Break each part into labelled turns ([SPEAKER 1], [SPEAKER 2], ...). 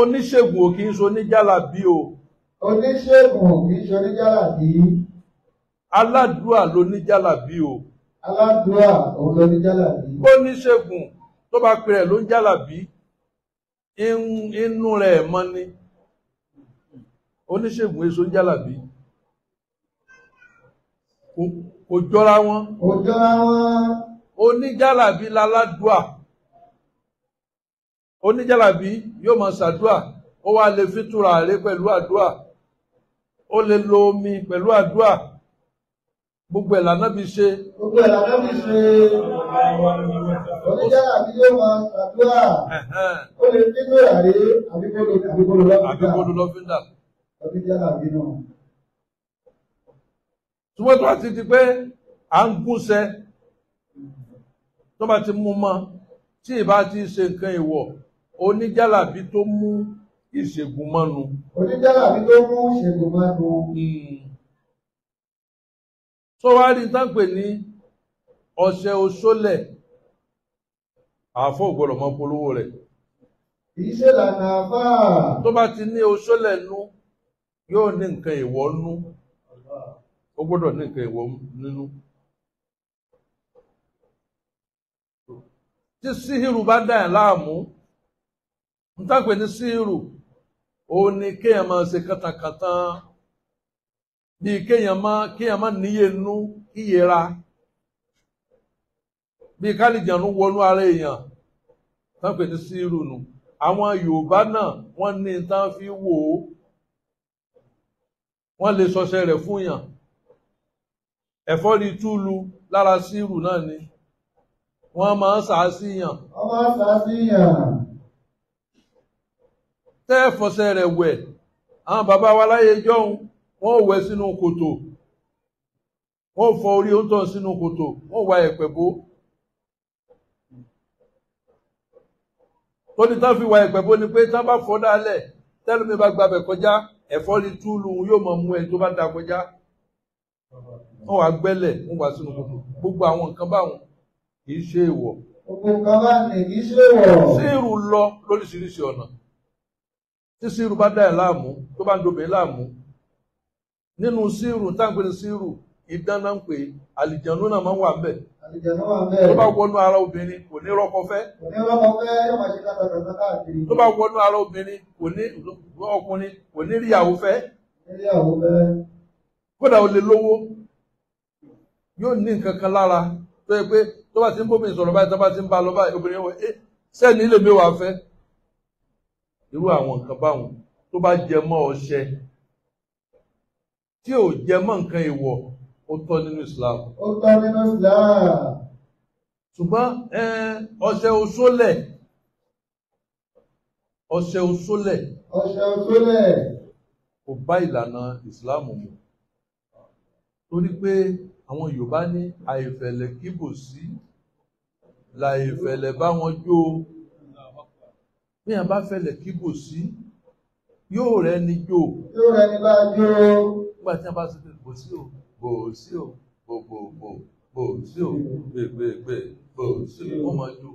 [SPEAKER 1] oníṣègùn ò kì í ṣe oníjàlábí o. oníṣègùn ò kì í ṣe oníjàlábí. aládùúà lóníjàlábí o. aládùúà òun lóníjàlábí. oníṣègùn tó bá pe rẹ̀ ló ń jàlábí inú rẹ̀ mọ́ ni oníṣègùn èso ń jàlábí kò jọra wọn. kò jọra wọn. oníjàlábí láládùúà oníjàlábí yóò máa ṣàdúà ó wá lè fi tùràrí pẹ̀lú àdúà ó lè lo omi pẹ̀lú àdúà gbogbo ẹ̀ lànàbí ṣe. gbogbo ẹ̀ lànàbí ṣe oníjàlábí yóò máa ṣàdúà ó lè fi tùràrí àbíkọ́lù lọ́fíńdà. oníjàlábí náà. túmọ̀ tó àti di pé à ń gúnṣẹ́ tó bá ti mú mọ́ tí ì bá ti ṣe nǹkan ìwọ̀. oníjàlábí tó mú ìṣègùn mọ́nu. oníjàlábí tó mú ìṣègùn mọ́nu. tó hmm. wá rí táǹpè ní ọṣẹ oṣólẹ̀ àáfọ̀ ògbọ́dọ̀ mọ polówó rẹ̀. kì í ṣe lànà àbá. tó bá ti ní oṣólẹ̀ nú yóò ní n tá pè òun ni kéèyàn máa ṣe kàtàkàtà bíi kéèyàn máa kéèyàn máa níyè nú kíyèra bíi kálíjànú wọnú ara èèyàn tá pè ní síìrù nù àwọn Yorùbá náà wọ́n ní tá fi wò ó wọ́n lè sọṣẹ rẹ̀ fún yàn ẹ̀fọ́rí túlu lára síìrù náà ni wọ́n máa ń sàásì yàn. wọ́n máa ń sàásì yàn tẹ́ ẹ fọṣẹ rẹ̀ wẹ̀ àwọn bàbá wa láyé jọ́hun wọ́n wẹ̀ sínú kòtò wọ́n fọ orí oúnjẹ sínú kòtò wọ́n wà ẹ̀pẹ̀ bó tó tán fi wà ẹ̀pẹ̀ bó ni pé tán bá fọ́ dálẹ̀ tẹ́lómi bá gbabẹ̀ kọjá ẹ̀fọ́rí túlù yóò mọ̀ mú ẹni tó bá da kọjá wọ́n wà gbẹ́lẹ̀ wọ́n wà sínú kòtò gbogbo àwọn nǹkan báwọn kì í ṣe èèwọ̀. gbogbo nǹkan bá ní kì í ṣe èèwọ̀. sí ìrù lọ lóríṣiríṣi ọ̀nà. tí síru bá dá ẹ̀ láàmú tó bá ń dobè láàmú nínú síru táǹpé ní síru ìdáná ń pè àlìjànú náà máa ń wà ń bẹ̀. tó bá wọnú ara obìnrin kò ní rọ́kọ fẹ́. tó bá wọnú ara obìnrin kò ní ọkùnrin kò ní ríyàwó fẹ́. kódà o lè lówó yóò ní nǹkan kan lára tó yẹ ti ń bómi sọ̀rọ̀ báyìí tó bá ti ń irú àwọn nǹkan báwọn tó bá jẹ mọ́ ọṣẹ tí ò jẹ mọ́ nǹkan èèwọ̀ ó tọ́ nínú Islam. ó tọ́ nínú Islam. ṣùgbọ́n ọṣẹ oṣólẹ̀ ọṣẹ oṣólẹ̀. ọṣẹ oṣólẹ̀. kò bá ìlànà Islam mu torí pé àwọn Yorùbá ní àìfẹ̀lẹ̀ kíbòsí làìfẹ̀lẹ̀ bá wọn jó o bí yàn bá fẹlẹ̀ kí bò sí yóò rẹ ni jò. yóò rẹ ni bá jò. nígbà tí wọn bá sọ pé bò sí o bò sí o bò bò bò bò sí o bè bè bè bò sí o wọn máa jò.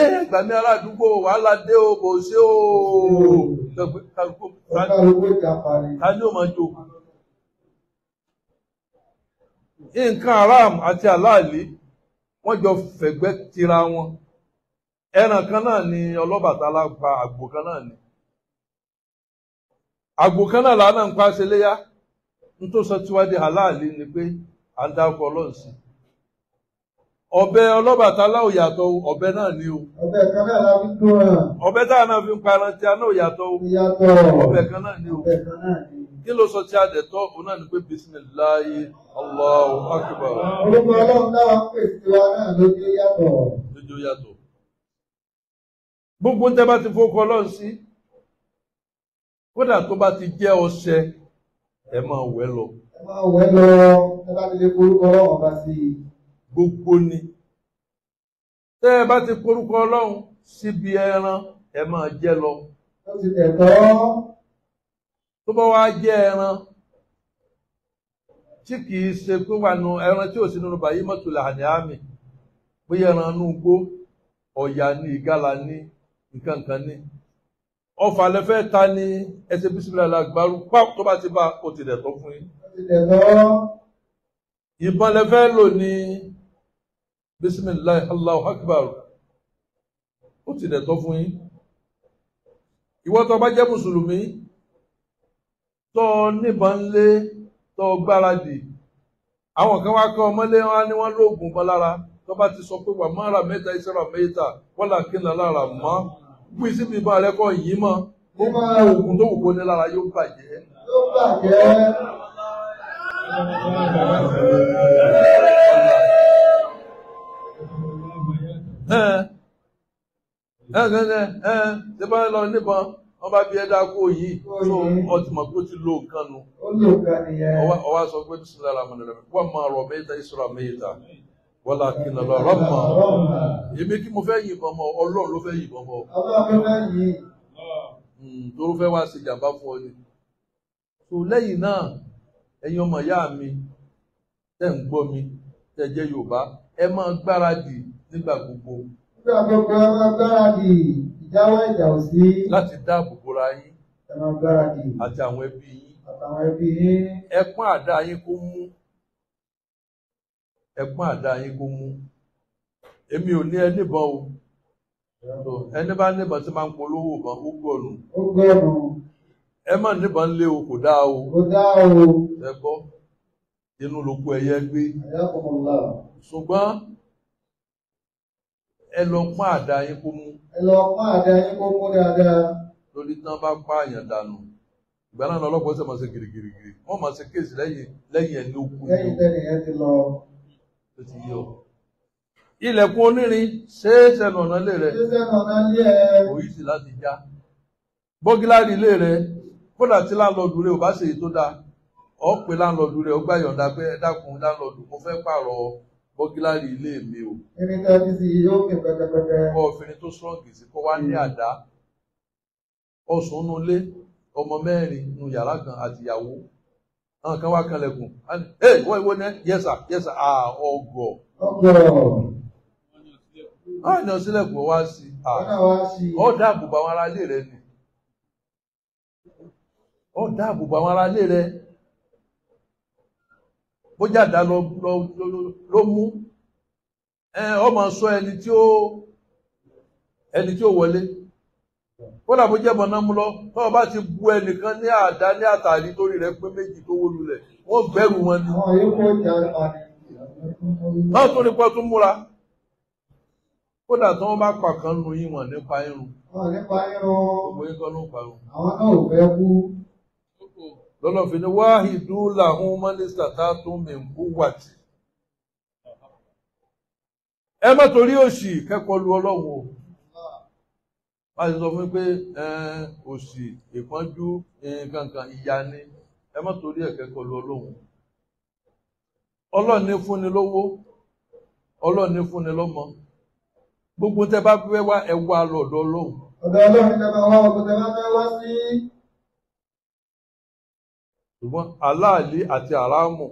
[SPEAKER 1] ẹ gbà mí ará àdúgbò wàhálà dé o bò sí o. ta ni ó máa jò. nǹkan haram àti aláàlí wọ́n jọ fẹ̀gbẹ́ tira wọn. ẹran kan náà ni ọlọ́bàtálá pa àgbò kan náà ni àgbò kan náà náà ń pa ṣe léyà ń tó aláàlí ni pé à ń ọlọ́run sí ò náà ni o ọbẹ kan náà la fi fi ń pa ẹran tí a o Ọbẹ kan náà ni o kí ló sọ tí a dẹ̀ tọ́ náà ni pé bisimilayi olùkọ́ ọlọ́run náà pèsè wa náà gbogbo ń tẹ́ bá ti fọkọ ọlọ́run sí kódà tó bá ti jẹ́ ọṣẹ ẹ máa wẹ̀ lọ. ẹ máa wẹ̀ lọ ẹ bá ti lè forúkọ ọlọ́run ọba sí i. gbogbo ni tẹ́ ẹ bá ti forúkọ ọlọ́run síbi ẹran ẹ máa jẹ lọ. ó ti tẹ̀tọ́. tó bá wàá jẹ ẹran tí kì í ṣe pé wà nù ẹran tí ò sí nínú bàyí mọ́tò làní àmì bóyá ẹran nù gbó ọ̀yà ní ìgalà ní nǹkan kan ní ọfà lẹfẹ ta ni ẹsẹ bisimilá la gbàrú pa tó bá ti bá o ti dẹ̀ tọ́ fún yín. ìbọn lẹfẹ lò ní bisimilá Allahu Akbar ó ti dẹ̀ tọ́ fún yín. ìwọ tó bá jẹ́ mùsùlùmí tó níbọn lé tó gbáradì àwọn kan wá kọ́ ọmọlé wọn ni wọ́n lóògùn bọ́ lára tó bá ti sọ pé wà má mẹ́ta iṣẹ́ mẹ́ta wọ́n là kí n lára mọ́ gbé síbi bá rẹ kọ yìí mọ ó kú oògùn tó wù kó ní lára yóò bàjẹ́. ẹ ẹ ẹ ṣe bá ń lọ níbọn wọn bá bí ẹ̀dá kó yìí tó ọtí mọ pé ó ti lo nǹkan nu ọwọ sọ pé bísí lára mọ nílẹ wọn máa rọ mẹ́ta ìṣúra mẹ́ta. Bọ́lá kí n lọ rọ́mọ. Èmi kí mo fẹ́ yìnbọn mọ́ Ọlọ́run ló fẹ́ yìnbọn mọ́. Ọlọ́run fẹ́ yìí. Hmm, Toró fẹ́ wá ṣe jàmbá fún ọ ni. Tò lẹ́yìn náà, ẹ̀yin ọmọ ìyá mi, tẹ̀ ń gbọ́ mi, tẹ̀ jẹ́ Yorùbá, ẹ máa gbáradì nígbà gbogbo. Nígbà gbogbo ẹ máa gbáradì ìjáwọ́ ìjà ò sí. Láti dáàbò bora yín. Ẹ máa gbáradì. Àti àwọn ẹ̀gbọ́n àdá yín kó mú èmi ò ní ẹni bọ́ o ẹni bá níbọn tí máa ń polówó bọ́n ó gbọ́nù ẹ má níbọn lé o kò dáa o ẹ gbọ́ inú lóko ẹyẹ gbé ṣùgbọ́n ẹ lọ pọ́n àdá yín kó mú. ẹ lọ pọ́n àdá yín kó mú dáadáa. lórí tán bá pa àyàn dànù ìgbà náà ṣe máa ṣe gírígírí wọ́n máa ṣe kéèsì lẹ́yìn lẹ́yìn ẹni ó kú. lẹ́yìn tẹ́lẹ̀ yẹn ti lọ ó ti yọ ilẹ̀kùn onírin ṣeéṣe ọ̀nà ilé rẹ̀ òyì sí láti já bọ́gíláàrí ilé rẹ̀ kódà tí láńlọ́ọ̀dù rẹ̀ ò bá ṣèyí tó dáa ọ̀ pé láńlọ́ọ̀dù rẹ̀ ó gbà yọ̀ǹda pé ẹ dákun láńlọ́ọ̀dù mo fẹ́ pààrọ̀ bọ́gíláàrí ilé mi o. irin tó fi sí yóò pè pẹpẹpẹ. kọ́ ọ̀fìnrin tó sọ́ọ̀gì sí kó wá ní àdá ọ̀sùn nulẹ̀ ọmọ mẹ́rin nu yàrá kan àtìyàwó àwọn kan wá kalẹ̀kùn ẹ wọ́n ìwọ ní yẹ́sà yẹ́sà à ọgọ̀. ọgọ̀. ọ̀nà sílẹ̀kùn wá sí i ah. ó dáàbò bá wọn ara lé rẹ ni ó lọ mụ ọ ma sọ ẹni tí o wọle. kódà bó jẹ́ mọ̀nàmúlọ́ tọ́wọ́ bá ti bu ẹnìkan ní àdá ní àtàrí torí rẹ̀ pé méjì tó wó lulẹ̀ wọ́n gbẹ́rù wọn ni. náà tún ní pọ́tú múra kódà tí wọ́n bá pa kan nu yín wọ̀n nípa irun. wọ́n nípa irun. gbogbo yín kan ló ń pa irun. àwọn náà ò fẹ́ kú. lọ́lọ́ fi ni wáhìdú làwọn mínísítà tá a tún mi ń kú wàtí. ẹ má torí òṣì kẹ́kọ̀ọ́ lu ọlọ́run o wọ́n ti sọ fún mi pé òṣì ìpọ́njú kankan ìyá ni ẹ má torí ẹ̀ kẹ́kọ̀ọ́ lu ọlọ́run ọlọ́run ní fúnni lówó ọlọ́run ní fúnni lọ́mọ gbogbo tẹ bá fẹ́ wá ẹ wá lọ́dọ̀ ọlọ́run. ọ̀dọ̀ ọlọ́run tẹ bá wá ọ̀dọ̀ tẹ bá fẹ́ wá sí. ṣùgbọ́n aláàlí àti àràmù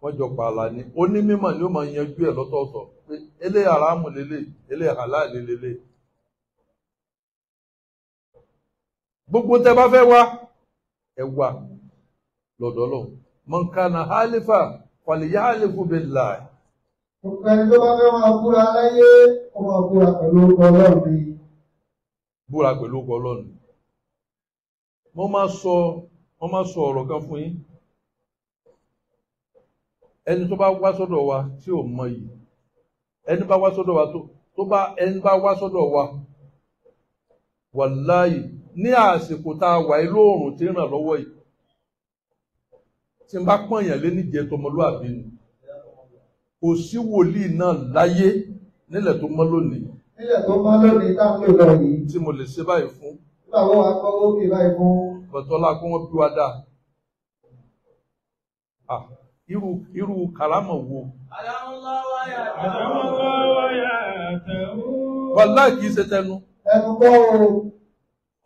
[SPEAKER 1] wọ́n jọ pààlà ni onímọ̀ ni ó máa yanjú ẹ̀ lọ́tọ̀ọ̀tọ̀ pé eléyà àràmù lélẹ̀ eléyà aláàlí lélẹ̀. gbogbo tẹ bá fẹ́ wá ẹ wà lọ́dọọlọ mọ̀nkánà hálífà fàlìyà hálífù billahi. ọ̀kan tó bá fẹ́ máa búra láyé ó máa búra pẹ̀lú orúkọ ọlọ́run ni. búra pẹ̀lú orúkọ ọlọ́run ni. wọ́n máa sọ wọ́n máa sọ ọ̀rọ̀ kan fún yín. ẹni tó bá wá sọ́dọ̀ wa tí ò mọ yìí ẹni bá wá sọ́dọ̀ wa tó bá ẹni bá wá sọ́dọ̀ wa wàláyìí ní àsìkò tá a wà ilé oòrùn tí ń ràn lọ́wọ́ yìí tí n bá pọ̀nyàn lé níjẹ́ tọmọlúàbí ni kò sí wòlíì náà láyé nílẹ̀ tó mọ́ lónìí. nílẹ̀ tó mọ́ lónìí táwọn ìlọ yìí. tí mo lè ṣe báyìí fún. nígbà wo wàá kọ́ lókè báyìí fún. bọ̀tọ́lá kó wọ́n bí wa dáa. irú irú kàrámọ̀ wo. wàláì kìí ṣe tẹnu. ẹnu kọ́ o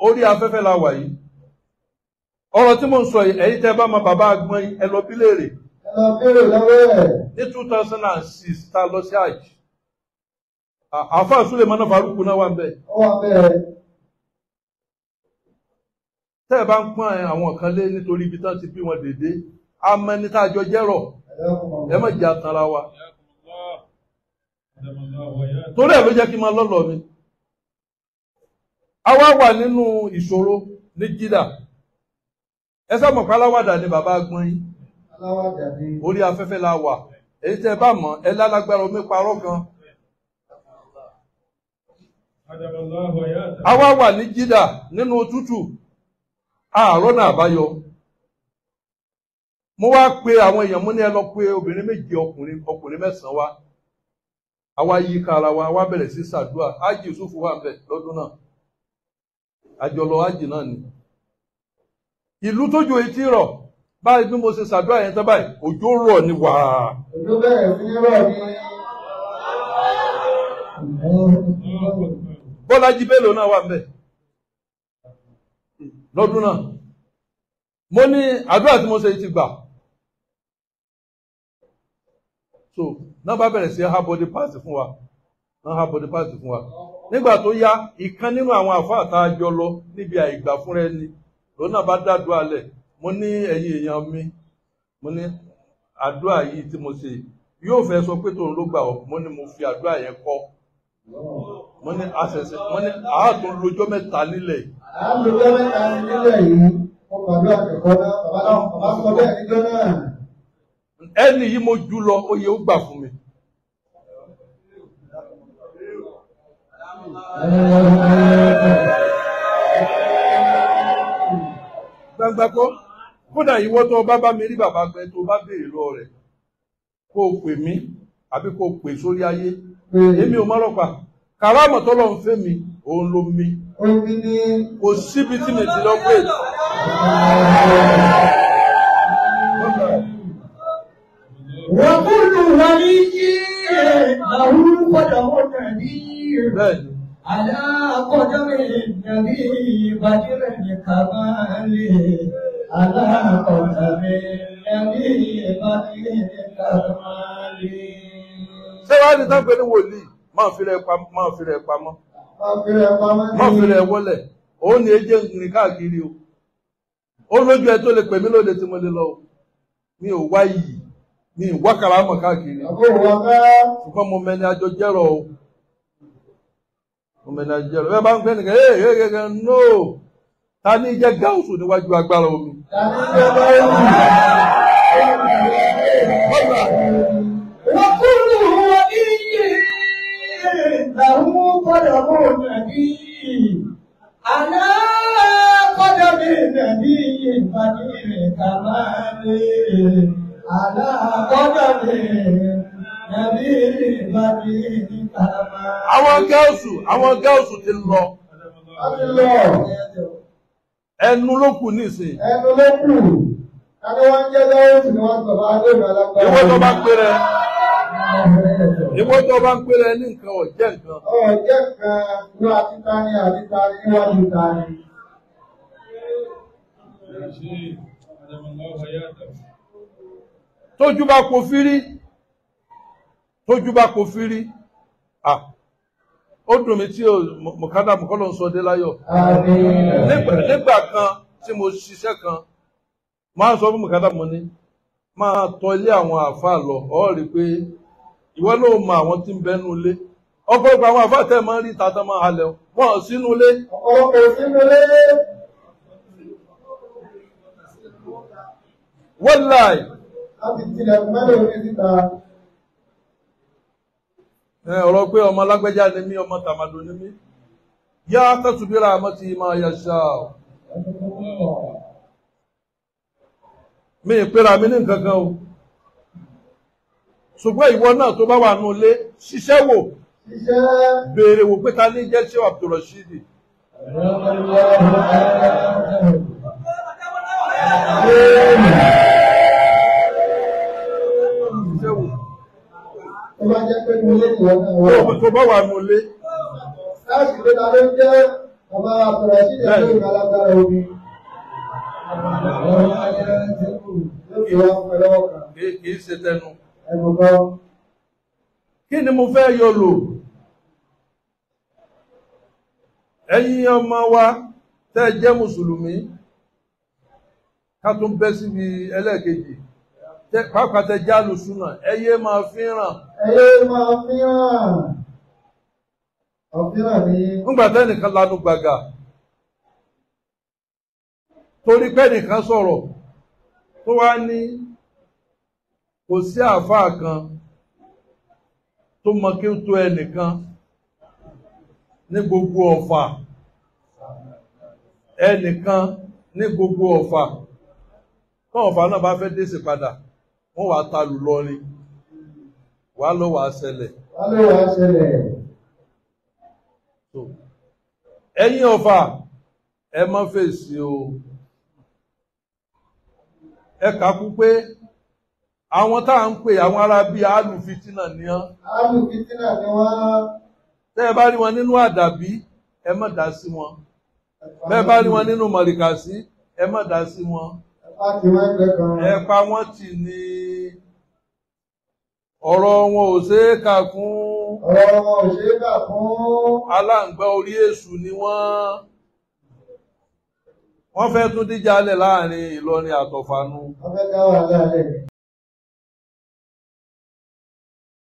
[SPEAKER 1] orí afẹ́fẹ́ la wà yìí ọ̀rọ̀ tí mo ń sọ yìí ẹ̀yin tẹ́ bá ma bàbá agbọ́n ẹ lọ bí léèrè. ẹ lọ béèrè lọ́wọ́ ẹ̀. ní two thousand and six ta lọ sí àjì àfáà Sulemana Faruku náà wà ń bẹ. ó wà bẹ́ẹ̀. tẹ́ ẹ bá ń pọ́n àwọn kan lé nítorí ibi tán ti bí wọn dédé amẹni tá a jọ jẹ́rọ̀ ẹ má jẹ́ àtàrà wa. torí ẹ̀ ló jẹ́ kí n máa lọ́lọ́ mi. a wá wà nínú ìṣòro ní jídà ẹ sábà pé aláwàdà ni bàbá agbọn yín orí afẹ́fẹ́ la wà èyí tẹ́ bá mọ̀ ẹ lálágbára omi parọ́ gan. a wá wà ní jídà nínú òtútù àárọ̀ náà àbáyọ mo wá pe àwọn èèyàn mo ní ẹ lọ pé obìnrin méje ọkùnrin ọkùnrin mẹ́sàn wa wá àwa yí kára wa wá bẹ̀rẹ̀ sí sàdúà ájì Yusuf wà ń bẹ̀ lọ́dún náà. àjọlọ ájì náà ni ìlú tójú etí rọ̀ báyìí bí mo ṣe ṣàdúrà yẹn tán báyìí òjò rọ̀ ni wàá. òjò bẹ̀rẹ̀ sí í ni. Bọ́lájí Bello náà wà ń bẹ̀ lọ́dún náà mo ní àdúrà tí mo ṣe ti gbà so náà bá bẹ̀rẹ̀ sí hard body pass fún wa wọ́n ha body pass fún wa nígbà tó yá ìkan nínú àwọn àfáà tá a jọ lọ níbi àìgbà fúnra ẹni lòun náà bá dàdúrà lẹ̀ mo ní ẹ̀yin èèyàn mi mo ní àdúrà yìí tí mo ṣe yóò fẹ́ sọ pé tòun ló gbà ọ́ mo ní mo fi àdúrà yẹn kọ́ mo ní àṣẹṣe mo ní àátún lójọ́ mẹ́ta nílẹ̀. àátún lójọ́ mẹ́ta nílẹ̀ yìí wọ́n gbàdúrà kẹ̀kọ́ náà bàbá sọ bẹ́ẹ̀ níjọ́ náà. ẹni yìí mo jù lọ ó yẹ ó gbà fún mi. gbangba kọ́ kódà ìwọ tó bá bá mi rí bàbá gbẹ tó bá béèrè lọ rẹ̀ kó o pè mí àbí kó o pè sórí ayé èmi ò mọ́lọ́pà kàrámọ̀ tọ́lọ̀ ń fẹ́ mi òun ló mi kò síbi tí mi ti lọ pé. wọ́n kúrò wọlé yé àwọn olùkọ́dà wọ́n kàn ní. bẹ́ẹ̀ni. على قدم النبي بدر الكمال على قدم النبي بدر الكمال ṣé wàá ní táwọn pẹ̀lú wòlíì máa fi rẹ̀ pamọ́ máa fi rẹ̀ pamọ́ máa fi rẹ̀ òun ni ejé nìkan o ó lójú ẹ tó lè pè mí lóde tí mo lè lọ mi ò wá mi ò wá kàràmọ̀ káàkiri ṣùgbọ́n mo o. ọmọnàjẹ ọ̀rọ̀ bẹ́ẹ̀ bá ń pẹ́ nìkan ẹ̀ ẹ̀ gẹ́gẹ́ no ta ní jẹ́ gáúsù níwájú agbára omi. Àwọn kọ́dọ̀ bò nàbí, àná kọ́dọ̀ bí nàbí ìpàdé rẹ̀ kàmá lé, àná kọ́dọ̀ bí nàbí ìpàdé àwọn gáúsù àwọn gáúsù ti lọ ẹnu ló kù nísìn ẹnu ló kù kàdé wọn jẹ gáúsù ni wọn sọ bá dé ìbàlápá ìwọ tó bá pé rẹ ìwọ tó bá pé rẹ ní nǹkan ọjẹ nǹkan. ọjẹ kan ló àti tani àti tani níwájú tani. tójú bá kò fírí tójú bá kò fírí. Ah. ó dùn mí tí mọ̀kádà mọ̀kọ́lọ̀ ń sọ dé láyọ̀ nígbà kan tí mo ṣiṣẹ́ kan máa ń sọ fún mọ̀kádà mọ̀ ní máa tọ́ ilé àwọn àáfàá lọ ọ́ rí pé ìwọ ló mọ àwọn tí ń bẹ́nu ilé ọ̀pọ̀lọpọ̀ àwọn àáfàá tẹ̀ máa ń rí tata máa halẹ̀ wọ́n sínú ilé. ọkọ̀ sínú ilé. wọ́n láì. láti tilẹ̀ mẹ́rin orí síta ọ̀rọ̀ pé ọmọ alágbẹ́já ni mí ọmọ tàmàdò ni mí yá tẹ́tùbíra àmọ́ ti máa yà ṣá o mi ìpera mi ní nǹkan kan o ṣùgbọ́n ìwọ náà tó bá wà nù lé ṣiṣẹ́ wò béèrè wò pé ta ní jẹ́ ṣé Abdulrasheed Yeah. jẹ́ pé mo lé ní ọkàn wọn. tó bá wà mo lé. láti lè ta ló jẹ́ ọba àfúrásì ìjọba ìgbàlagbára omi. lókè wa pẹ̀lú ọkàn. kì í ṣe tẹnu. ẹ̀gbọ́n kan. kí ni mo fẹ́ yọ lò? ẹ̀yin ọmọ wa tẹ́ jẹ́ mùsùlùmí ká tún bẹ́ síbi ẹlẹ́ẹ̀kejì pàápàá tẹ jálù súnà ẹyẹ máa fíràn. ẹyẹ máa fíràn. ọ̀fíràn ni. ńgbà tẹ́nìkan lanu gbàgà torí pẹ́nìkan sọ̀rọ̀ tó wá ní kò sí àáfàá kan tó mọ kí ó tó ẹnìkan ní gbogbo ọ̀fà ẹnìkan ní gbogbo ọ̀fà tó ọ̀fà náà bá fẹ́ dé sí padà wọ́n wàá ta lù lọ ni wàá lọ wàá ṣẹlẹ̀. wàá lọ wàá ṣẹlẹ̀. ẹ̀yin ọ̀fà ẹ má fèsì o ẹ kàkú pé àwọn tá à ń pè àwọn ará bíi alùfitínà ni wọ́n. alùfitínà ni wọ́n. tẹ́ ẹ bá rí wọn nínú àdàbí ẹ má dá sí wọn bẹ́ẹ̀ bá rí wọn nínú mọ̀lìkàsí ẹ má dá sí wọn láti wọ́n ẹgbẹ́ kan. ẹ pa wọ́n tì ní ọ̀rọ̀ wọn ò ṣe é kà kún. aláǹgbá orí èṣù ni wọ́n. wọ́n fẹ́ tún díjà lẹ̀ láàrin Ìlọrin àtọ̀fànú.